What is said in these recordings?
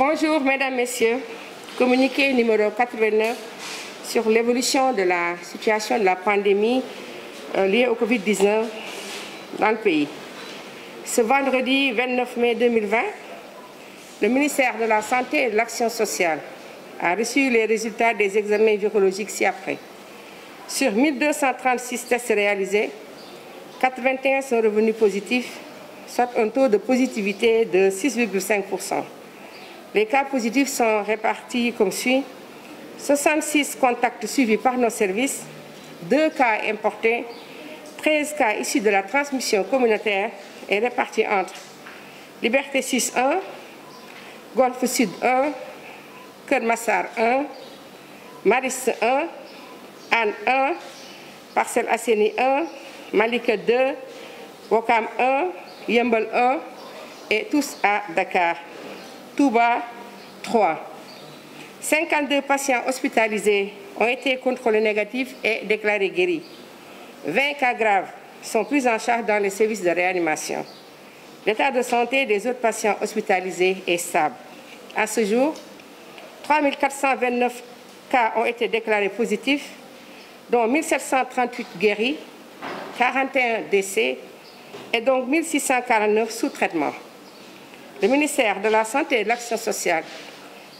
Bonjour Mesdames, Messieurs. Communiqué numéro 89 sur l'évolution de la situation de la pandémie euh, liée au Covid-19 dans le pays. Ce vendredi 29 mai 2020, le ministère de la Santé et de sociale a reçu les résultats des examens virologiques ci-après. Sur 1236 tests réalisés, 81 sont revenus positifs, soit un taux de positivité de 6,5%. Les cas positifs sont répartis par nos services, 2 cas importés, 13 cas issus de la transmission communautaire et répartis entre Liberté 6 1, Golfe Sud 1, Keur Massar 1, Mariste 1, Anne 1, Parcelles Assainies 1, Malika 2, Ouakam 1, Yeumbeul à Dakar. Touba 3. 52 patients hospitalisés ont été contrôlés négatifs et déclarés guéris. 20 cas sont pris en charge dans les services de réanimation. L'état de santé des autres patients hospitalisés est stable. À ce jour, 3429 cas ont été déclarés positifs, dont 1738 guéris, 41 décès et donc 1649 sous traitement. le ministère de la Santé et de l'Action sociale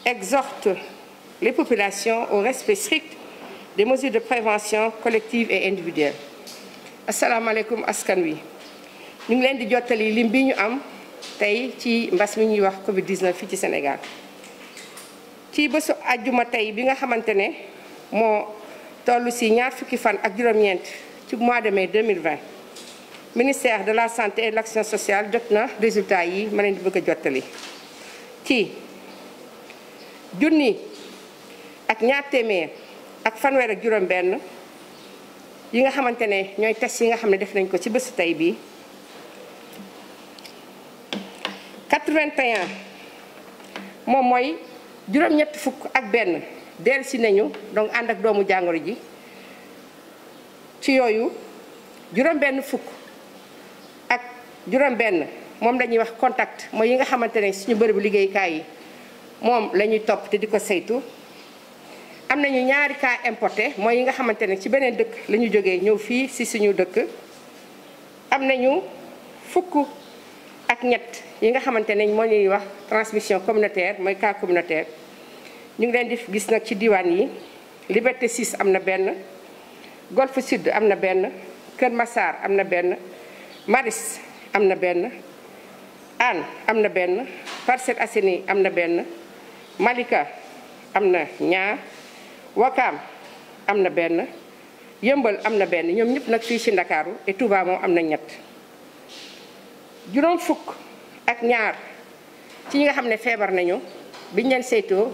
exhorte les populations au respect strict des mesures de prévention collective et individuelle. asalaamaaleykum askan wi ñu ngi leen di jottali lim bi ñu am tey ci mbas mi ñuy wax Covid fii ci Sénégal ci bésu ajuma tey bi nga xamante ne moo toll si ñaar fukki fan ak juróom-ñeent ci mois de mai 2020. ministère de la santé et de l'action sociale jot na résultat yi ma nañ di bëgg a jottali ci junni ak ñaar ak fanweer ak juróom-benn yi nga xamante ne ñooy test yi nga xam ne def nañ ko ci bésu tey bii 81 moom mooy juróom-ñetti fukk ak benn dellu si nañu donc ànd ak doomu jàngoro ji ci yooyu juróom-benn fukk. juróom benn moom lañuy wax contact mooy yi nga xamante ne suñu bërëbu liggéeykaay yi moom lañuy topp te di ko saytu am nañu ñaari cas importé mooy yi nga xamante ne ci beneen dëkk la ñu jógee ñëw fii si suñu dëkk am na ñu fukk ak ñett yi nga xamante ne moo ñuy wax transmission communautaire mooy cas communautaire ñu ngi leen di gis nag ci diwaan yi Liberté 6 am na benn Golfe Sud am na benn Kër Massar am na benn Maris am na benn Hann am na benn Parcelles Assainies am na benn Malika am na ñaar Wakaam am na benn Yëmbal am na benn ñoom ñëpp nag fii ci Ndakaaru et Touba moom am na ñett juróom fukk ak ñaar ci ñi nga xam ne feebar nañu biñ leen saytoo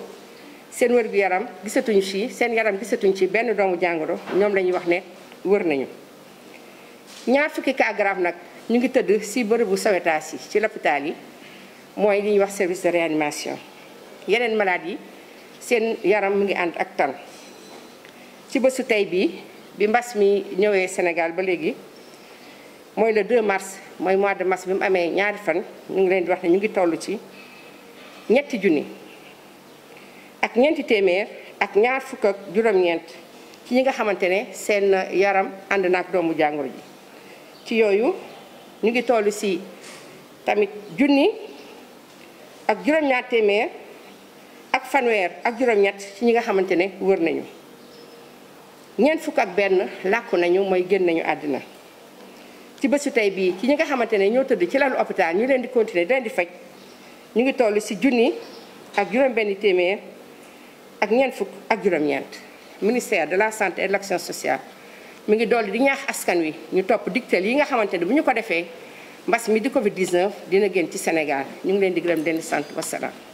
seen wér-gu-yaram gisatuñ ci seen yaram gisatuñ ci benn doomu jàngoro ñoom lañuy wax ne wër nañu ñaar fukki cas nag ñu ngi tëdd si bërëbu sawetaas yi ci l'hôpital yi mooy li ñuy wax service de réanimation yeneen malade yi seen yaram mu ngi ànd ak tan ci bësu tey bii bi mbas mi ñëwee Sénégal ba léegi mooy le 2 mars mooy mois de mars bi mu amee ñaari fan mu ngi leen di wax ne ñu ngi tollu ci ñetti junni ak ñeenti téeméer ak ñaar fukk ak juróom-ñeent ci ñi nga xamante ne seen yaram ànd na ak doomu jàngoro ji ci yooyu ñu ngi toll si tamit junni ak juróom-ñaar téeméer ak fanweer ak juróom-ñett ci ñi nga xamante ne wër nañu ñeent fukk ak benn làkku nañu mooy génn nañu àddina ci bésu tey bii ci ñi nga xamante ne ñoo tëdd ci lalu hôpital ñu leen di continuer di leen di faj ñu ngi toll si junni ak juróom-benn téeméer ak ñeent fukk ak juróom-ñeent ministère de la santé et de l'action sociale mi ngi dolli di ñaax askan wi ñu topp digteel yi nga xamante ne bu ñu ko defee mbas mi di Covid 19 dina génn ci Sénégal ñu ngi leen di denn sant wasalaam.